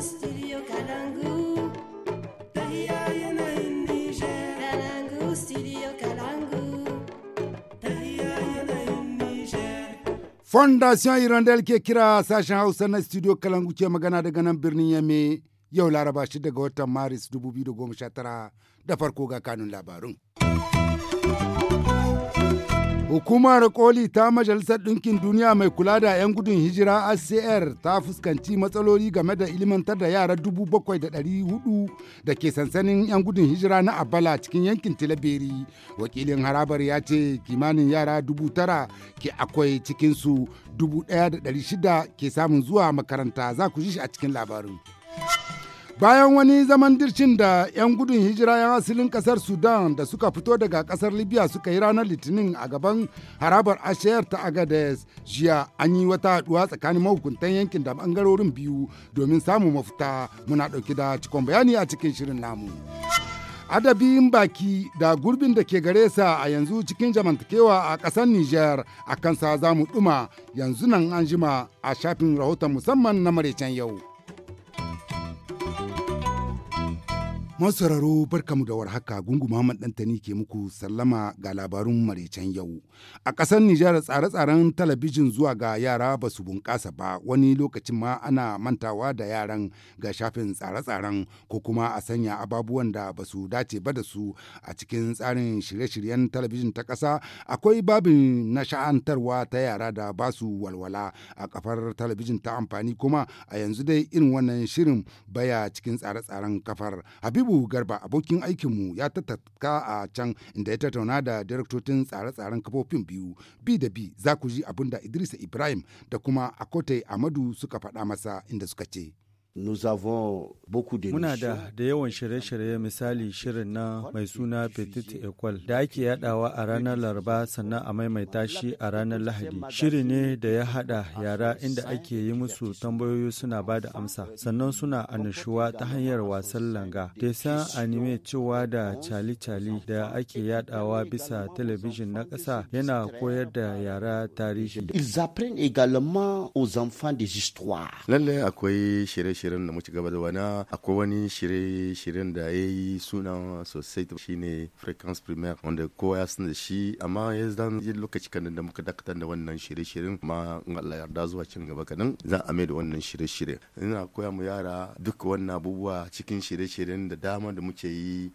studio Fondation Hirondelle ke kira sashen Hausa na studio Kalangu ke magana daga nan birnin Yame. Yau Laraba shida daga watan Maris 2019 da farko ga kanun labarun. Hukumar koli ta Majalisar Ɗinkin Duniya mai kula da 'yan gudun hijira ACR ta fuskanci matsaloli game da ilimantar da yara 7,400 da ke sansanin 'yan gudun hijira na Abala cikin yankin Tilaberi. Wakilin harabar ya ce kimanin yara 9,000 ke akwai cikinsu 1,600 ke samun zuwa makaranta za ku ji shi a cikin labarin. bayan wani zaman dircin da 'yan gudun hijira 'yan asalin kasar sudan da suka fito daga kasar libya suka yi ranar litinin a gaban harabar ashiyar ta agades jiya an yi wata haduwa tsakanin mahukuntan yankin da bangarorin biyu domin samun mafita muna dauki da cikon bayani a cikin shirin namu adabin baki da gurbin da ke gare sa a yanzu cikin jamantakewa a kasar niger a kansa za mu yanzu nan an jima a shafin rahoton musamman na maraicen yau Masararo barkamu da warhaka gungu Muhammad Dantani ke muku sallama ga labarun maraicen yau. A ƙasar Nijar tsare-tsaren talabijin zuwa ga yara ba su bunƙasa ba wani lokacin ma ana mantawa da yaran ga shafin tsare-tsaren ko kuma a sanya ababuwan da ba su dace ba da su a cikin tsarin shirye-shiryen talabijin ta ƙasa akwai babin na sha'antarwa ta yara da ba su walwala a kafar talabijin ta amfani kuma a yanzu dai irin wannan shirin baya cikin tsare-tsaren kafar. Habib Habibu Garba abokin aikinmu ya tattaka a can inda ya tattauna da direktocin tsare-tsaren kafofin biyu bi da bi za ku ji abin da Idrisa Ibrahim da kuma Akote Amadu suka faɗa masa inda suka ce. Nous avons de Muna da da yawan shirye-shirye misali shirin na mai suna Petit Ecole da ake yadawa a ranar Laraba sannan a maimaita shi a ranar Lahadi. Shiri ne da ya hada yara inda ake yi musu tambayoyi suna ba da amsa sannan suna annashuwa ta hanyar wasan langa. san anime cewa da cali-cali da ake yadawa bisa talabijin na ƙasa yana koyar da yara tarihi. Ils apprennent également aux enfants des histoires. Lallai akwai shirye shirin da gaba da wani akwai wani shirye-shiryen da ya yi suna sosai ne frequence primaire wanda kowa ya san da shi amma ya zan yi lokaci kanin da muka dakatar da wannan shirye-shiryen ma in Allah yarda zuwa can gaba kanin za a mai da wannan shirye shirin ina koya mu yara duk wannan abubuwa cikin shirye-shiryen da dama da muke yi.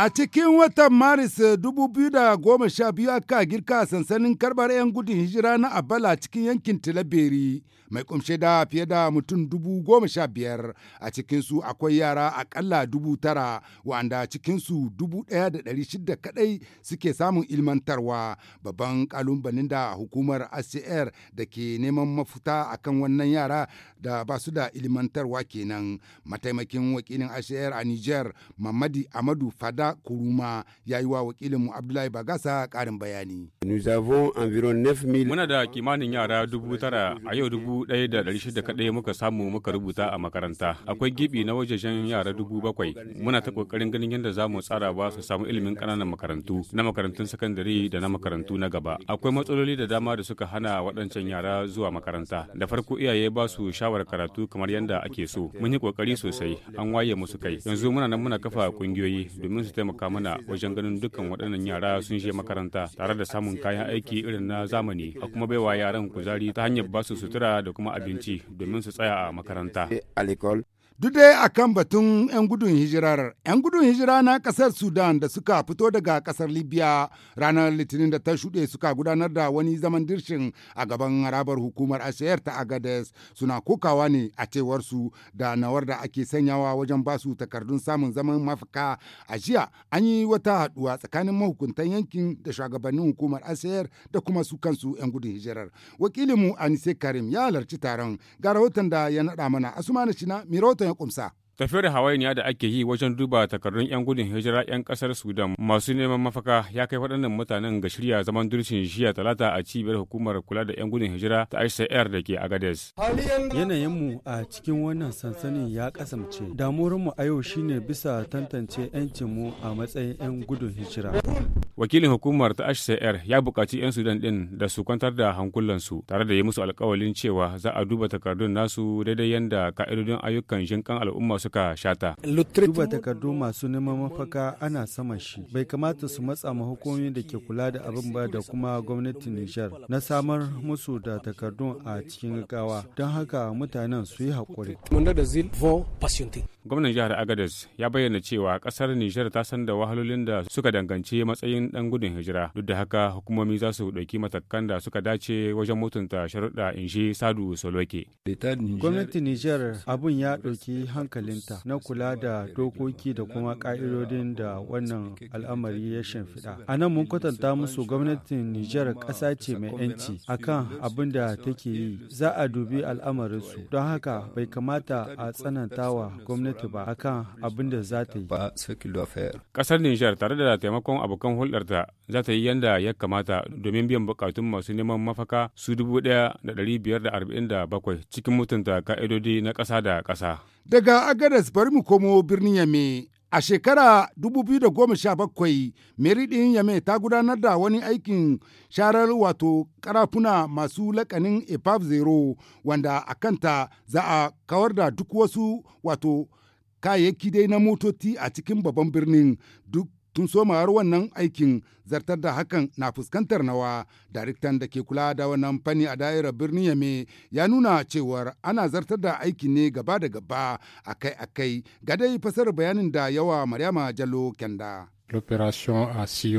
A cikin watan Maris 2012 eh, aka girka sansanin karbarayan 'yan gudun hijira na Abala cikin yankin Tilaberi mai kumshe da fiye da mutum 15,000 a cikinsu akwai yara akalla 9,000 wa'anda cikinsu 1,600 kadai suke samun ilmantarwa babban kalubalen da hukumar ACR da ke neman mafuta akan wannan yara da ba su da ilmantarwa kenan mataimakin wakilin ACR a Niger Mamadi Amadu Fada Kuruma ya yi wa wakilinmu Abdullahi Bagasa karin bayani. Muna da kimanin yara dubu tara a yau dubu ɗaya da ɗari shida kaɗai muka samu muka rubuta a makaranta. Akwai gibi na wajejen yara dubu bakwai. Muna ta ƙoƙarin ganin yadda za mu tsara ba su samu ilimin ƙananan makarantu na makarantun sakandare da na makarantu na gaba. Akwai matsaloli da dama da suka hana waɗancan yara zuwa makaranta. Da farko iyaye ba su shawar karatu kamar yadda ake so. Mun yi ƙoƙari sosai an waye musu kai. Yanzu muna nan muna kafa ƙungiyoyi domin su su taimaka mana wajen ganin dukkan waɗannan yara sun je makaranta tare da samun kayan aiki irin na zamani a kuma baiwa yaran kuzari ta hanyar ba su sutura da kuma abinci domin su tsaya a makaranta. Duk dai a batun 'yan gudun hijirar, 'yan gudun hijira na kasar Sudan da suka fito daga ƙasar Libya ranar Litinin da ta shuɗe suka gudanar da wani zaman dirshin a gaban harabar hukumar ashiyar ta Agades suna kokawa ne a cewar su da nawar da ake sanyawa wajen basu takardun samun zaman mafaka a jiya an yi wata haɗuwa tsakanin mahukuntan yankin da shugabannin hukumar ashiyar da kuma su kansu 'yan gudun hijirar. Wakilinmu Anise Karim ya halarci taron ga rahoton da ya naɗa mana Asuma na Shina Mirotan 工作。Tafiyar hawainiya da ake yi wajen duba takardun 'yan gudun hijira 'yan kasar Sudan masu neman mafaka ya kai waɗannan mutanen ga shirya zaman dirshin jiya talata a cibiyar hukumar kula da 'yan gudun hijira ta HCR da ke Agades. Yanayinmu a cikin wannan sansanin ya kasance. Damuwarmu a yau shine bisa tantance 'yancinmu a matsayin 'yan gudun hijira. wakilin hukumar ta HCR ya buƙaci 'yan Sudan ɗin da su kwantar da hankulansu tare da yi musu alkawalin cewa za a duba takardun nasu daidai yadda ka'idodin ayyukan jinkan al'umma su suka shata. Duba takardu masu neman mafaka ana sama shi. Bai kamata su matsa ma hukumomi da ke kula da abin ba da kuma gwamnatin Nijar na samar musu da takardun a cikin gaggawa. Don haka mutanen su yi haƙuri. gwamnan jihar agadez ya bayyana cewa kasar nijar ta san da wahalolin da suka danganci matsayin dan gudun hijira duk da haka hukumomi za su ɗauki matakan da suka dace wajen mutunta sharuɗa in shi sadu soloke gwamnatin nijar abun ya ɗauki hankalinta na kula da dokoki da kuma ƙa'idodin da wannan al'amari ya shimfiɗa a nan mun kwatanta musu gwamnatin nijar ƙasa ce mai 'yanci akan abin da take yi za a dubi al'amarinsu don haka bai kamata a tsanantawa gwamnati gwamnati ba akan abin da za ta yi. Kasar Nijar tare da taimakon abokan hulɗarta za ta yi yanda ya kamata domin biyan bukatun masu neman mafaka su dubu ɗaya da ɗari biyar da arba'in da bakwai cikin mutunta ka'idodi na ƙasa da ƙasa. Daga Agadas bari mu komo birnin Yame A shekara 2017, meridin Yame ta gudanar da wani aikin sharar wato karafuna masu lakanin epaf zero wanda a kanta za a kawar da duk wasu wato kayayyaki dai na motoci a cikin babban birnin duk tun har wannan aikin zartar da hakan na fuskantar nawa daraktan da ke kula da wannan fanni a da'irar birnin yame ya nuna cewar ana zartar da aiki ne gaba da gaba akai-akai ga dai fasar bayanin da yawa maryama jalo kenda.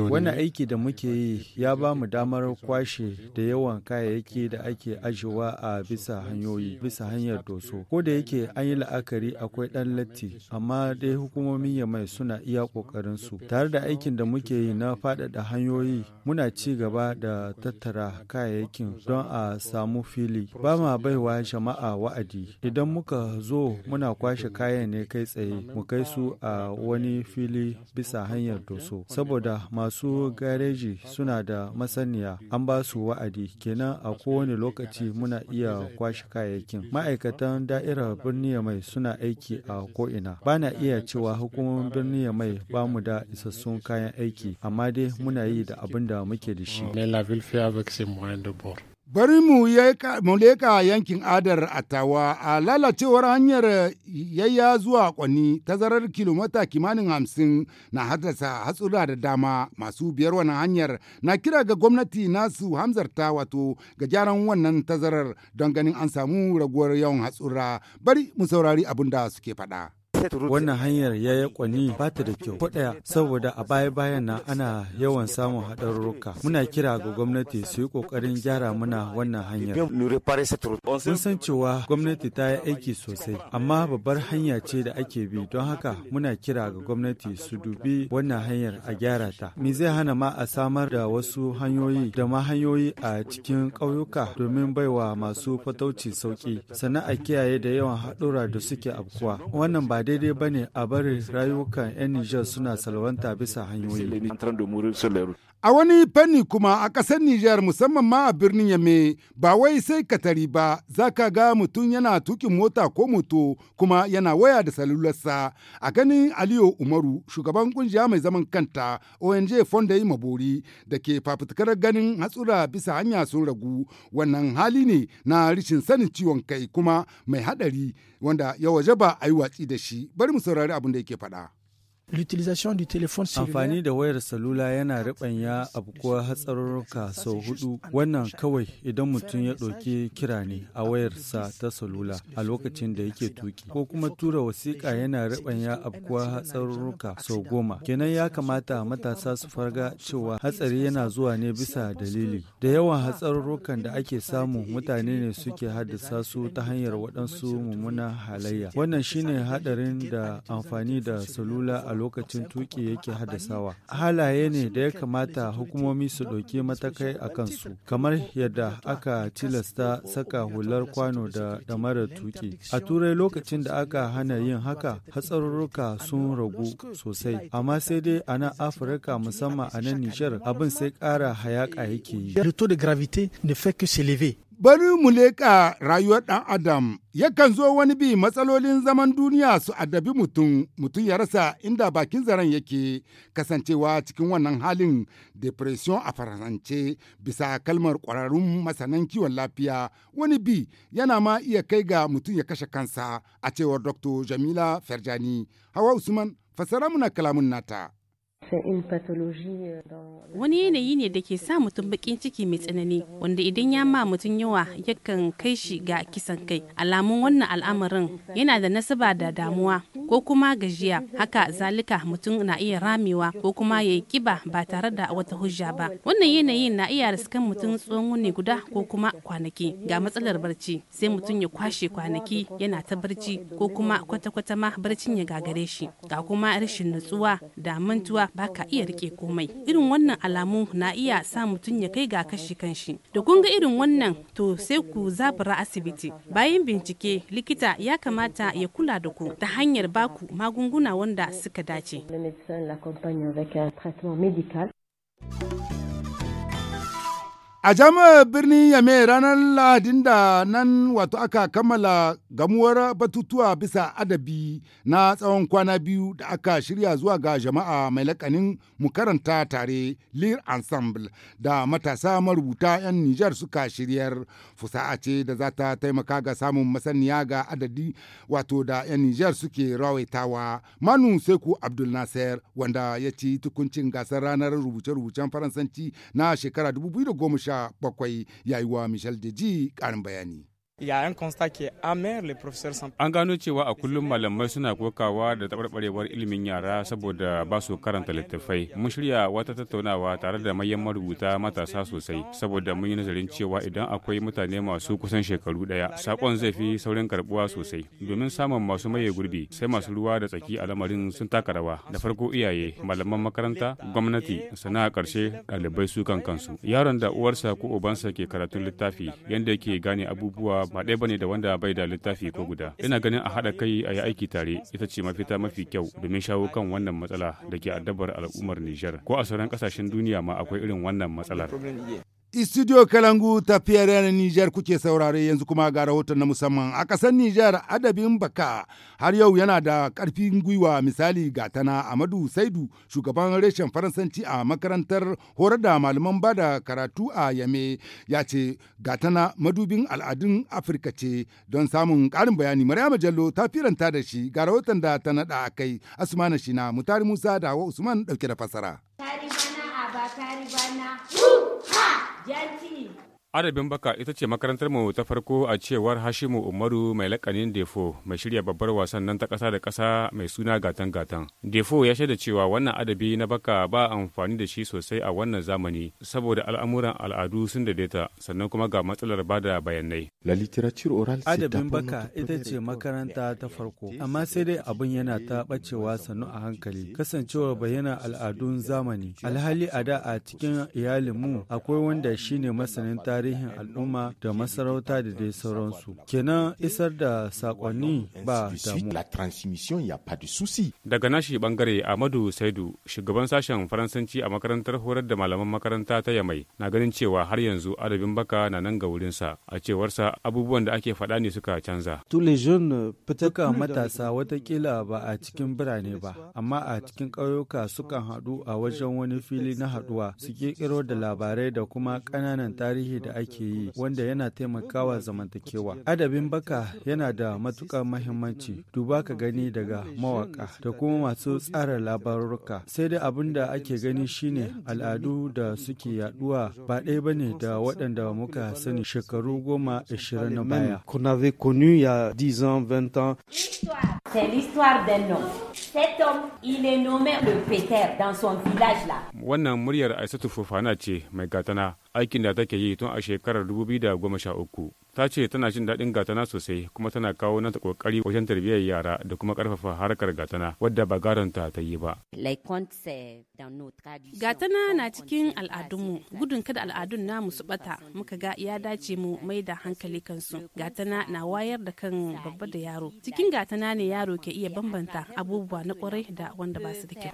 Wannan aiki da muke yi ya ba mu damar kwashe da yawan kayayyaki da ake ajiyewa a bisa hanyoyi bisa hanyar doso. Ko da yake an yi la'akari akwai ɗan latti, amma dai hukumomin Yamai suna iya ƙoƙarinsu Tare da aikin da muke yi na faɗaɗa hanyoyi, muna ci gaba da tattara kayayyakin don a samu fili. Ba ma baiwa jama'a wa'adi. Idan muka zo muna kwashe kayan ne kai tsaye, mu kai su a wani fili bisa hanyar doso saboda masu oh, gareji suna da masaniya an ba su wa'adi kenan a kowane lokaci muna iya kwashe kayayyakin ma'aikatan da'irar birni mai suna aiki a ko'ina ba na iya cewa hukumomin birni mai ba mu da isassun kayan aiki amma dai muna yi da abin da muke da shi Bari mu leka yankin adar Atawa a lalacewar hanyar yayya zuwa kwani tazarar kilomita kimanin hamsin na haddasa hatsura da dama masu biyar wannan hanyar na kira ga gwamnati nasu hamzarta wato ga gyaran wannan tazarar don ganin an samu raguwar yawan hatsura bari mu saurari abin da suke faɗa. Wannan hanyar ya yi kwani ba ta da kyau. Kwaɗaya saboda a baya-bayan na. ana yawan samun haɗarurruka. Muna kira ga gwamnati su yi ƙoƙarin gyara mana wannan hanyar. Mun san cewa gwamnati ta yi aiki sosai, amma babbar hanya ce da ake bi don haka muna kira ga gwamnati su dubi wannan hanyar a gyara ta. Me zai hana ma a samar da wasu hanyoyi da ma hanyoyi a cikin ƙauyuka domin baiwa masu fatauci sauƙi, sannan a kiyaye da yawan haɗura da suke afkuwa. Wannan ba daidai ba ne a bari rayukan 'yan Nijar suna salwanta bisa hanyoyi. A wani fanni kuma a ƙasar Nijar musamman ma a birnin Yame ba wai sai ka tari ba za ka ga mutum yana tukin mota ko moto kuma yana waya da salularsa. A ganin Aliyu Umaru shugaban kungiya mai zaman kanta ONG Fondayi Mabori da ke fafutukar ganin hatsura bisa hanya sun ragu wannan hali ne na rishin sanin ciwon kai kuma mai haɗari wanda ya waje ba a yi watsi da shi bari mu saurari abin da yake faɗa. l'utilisation du téléphone cellulaire amfani da wayar salula yana riɓanya abkuwar hatsarurruka sau hudu wannan kawai idan mutum ya ɗauki kira ne a wayarsa ta salula a lokacin da yake tuki ko kuma tura wasiƙa yana riɓanya abkuwar hatsarurruka sau goma kenan ya kamata matasa su farga cewa hatsari yana zuwa ne bisa dalili da yawan hatsarurrukan da ake samu mutane ne suke haddasa su ta hanyar waɗansu mummunan halayya wannan shine haɗarin da amfani da salula a lokacin tuki yake haddasawa halaye ne da ya kamata hukumomi su ɗauki matakai a kansu kamar yadda aka tilasta saka hular kwano da damarar tuki a turai lokacin da aka hana yin haka hatsarurruka sun ragu sosai amma sai dai a nan afirka musamman a nan nijar abin sai ƙara hayaƙa eh, yake yi Bari mu leƙa rayuwar ɗan Adam, yakan zo wani bi matsalolin zaman duniya su adabi mutum, mutum ya rasa inda bakin zaren yake kasancewa cikin wannan halin depression a faransance bisa kalmar ƙwararrun masanan kiwon lafiya wani bi yana ma iya kai ga mutum ya kashe kansa a cewar Dr. Jamila Ferjani. Hawa Usman, fasara muna kalamun nata. Euh, Wani yanayi ne da ke sa mutum bakin ciki mai tsanani wanda idan ya ma mutum yawa yakan kai shi ga kisan kai. Alamun wannan al'amarin yana da nasaba da damuwa ko kuma gajiya haka zalika mutum na iya ramewa ko kuma ya yi kiba ba tare da wata hujja ba. Wannan yanayin na iya riskan mutum tsohon wuni guda ko kuma kwanaki ga matsalar barci sai mutum ya kwashe kwanaki yana ta barci ko kuma kwata-kwata ma barcin ya gagare shi ga kuma rashin nutsuwa da mantuwa ka iya rike komai irin wannan alamu na iya sa mutum ya kai ga kashi kanshi da kun ga irin wannan to sai ku zabura asibiti bayan bincike likita ya kamata ya kula da ku ta hanyar baku magunguna wanda suka dace A jami'ar birnin Yame ranar Lahadin da nan wato aka kammala gamuwar batutuwa bisa adabi na tsawon kwana biyu da aka shirya zuwa ga jama'a mai lakanin mu karanta tare Lear Ensemble da matasa marubuta 'yan Nijar suka shiryar fusa'a ce da za ta taimaka ga samun masaniya ga adadi wato da 'yan Nijar suke rawaitawa. Manu Seku Abdul Nasser wanda ya ci tukuncin gasar ranar rubuce-rubucen Faransanci na shekara 2010 sha bakwai yayuwa wa Michel Deji karin bayani. yayan consta ke amer le professeur sam an gano cewa a kullum malamai suna kokawa da tabarbarewar ilimin yara saboda ba su karanta littattafai mun shirya wata tattaunawa tare da mayan marubuta matasa sosai saboda mun yi nazarin cewa idan akwai mutane masu kusan shekaru daya sakon zai fi saurin karbuwa sosai domin samun masu maye gurbi sai masu ruwa da tsaki a lamarin sun taka rawa da farko iyaye malaman makaranta gwamnati sana'a karshe ɗalibai su kan kansu yaron da uwarsa ko ubansa ke karatun littafi yadda yake gane abubuwa ba ɗaya bane da wanda bai da littafi ko guda ina ganin a haɗa kai a yi aiki tare ita ce mafita mafi kyau domin shawo kan wannan matsala da ke addabar al'ummar nijar ko a sauran ƙasashen duniya ma akwai irin wannan matsalar Studio Kalangu tafiyar Nijar kuke saurare yanzu kuma ga rahoton na musamman a ƙasar Nijar adabin baka har yau yana da karfin gwiwa misali ga tana Amadu Saidu shugaban reshen Faransanci a makarantar horar da malaman bada karatu a Yame ya ce ga tana madubin al'adun Afirka ce don samun ƙarin bayani Maryama Jallo ta firanta da shi ga rahoton da ta naɗa a kai Asmana Shina Mutari Musa da Hawa Usman ɗauke da fasara. Tari bana a tari bana. Gentili. Adabin baka ita ce makarantar mu ta farko a cewar Hashimu Umaru mai lakanin Defo mai shirya babbar wasan nan ta kasa da kasa mai suna gatan gatan. Defo ya shaida cewa wannan adabi na baka ba amfani da shi sosai a wannan zamani saboda al'amuran al'adu sun daidaita sannan kuma ga matsalar bada bayanai. Adabin baka ita ce makaranta ta farko amma sai dai abin yana ta bacewa sannu a hankali kasancewar bayyana al'adun zamani alhali a da a cikin iyalinmu akwai wanda shine masanin tarihi tarihin al'umma da masarauta da dai sauransu. Kenan isar da sakonni ba damu. Daga nashi bangare Amadu Saidu, shugaban sashen Faransanci a makarantar horar da malaman makaranta ta Yamai, na ganin cewa har yanzu adabin baka na nan ga wurinsa. A cewarsa abubuwan da ake faɗa ne suka canza. Duka matasa watakila ba a cikin birane ba, amma a cikin ƙauyuka sukan haɗu a wajen wani fili na haɗuwa su ƙirƙiro da labarai da kuma ƙananan tarihi da da ake yi wanda yana taimakawa zamantakewa. Adabin baka yana da matuƙar mahimmanci duba ka gani daga mawaka da kuma masu tsara labaruka. Sai dai abin da ake gani shine al'adu da suke yaduwa ba ɗaya ba ne da waɗanda muka sani shekaru goma ashirin na baya. Cet il est nommé le Peter dans son village là. Wannan muryar Aisatu Fofana ce mai gatana aikin da take yi tun a shekarar 2013. Ta ce tana jin daɗin gatana sosai kuma tana kawo nata kokari wajen tarbiyyar yara da kuma karfafa harkar gatana wadda ba garanta ta yi ba. Gatana na cikin al'adunmu gudun kada al'adun namu su bata muka ga ya dace mu mai da hankali kansu. Gatana na wayar da kan babba da yaro. Cikin gatana ne yaro ke iya bambanta abubuwa na kwarai da wanda ba su da kyau.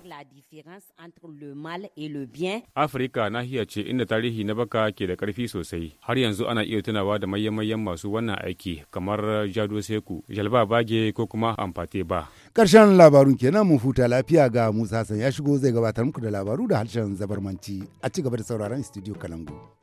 Afirka nahiya ce inda tarihi na baka ke da ƙarfi sosai. Har yanzu ana iya tunawa da mayan mayen masu wannan aiki kamar Jado Seku, Jalba Bage ko kuma Amfate Ba. Ƙarshen labarun kenan mu huta lafiya ga Musa San ya shigo zai gabatar muku da labaru da harshen zabarmanci a ci gaba da sauraron Studio Kalangu.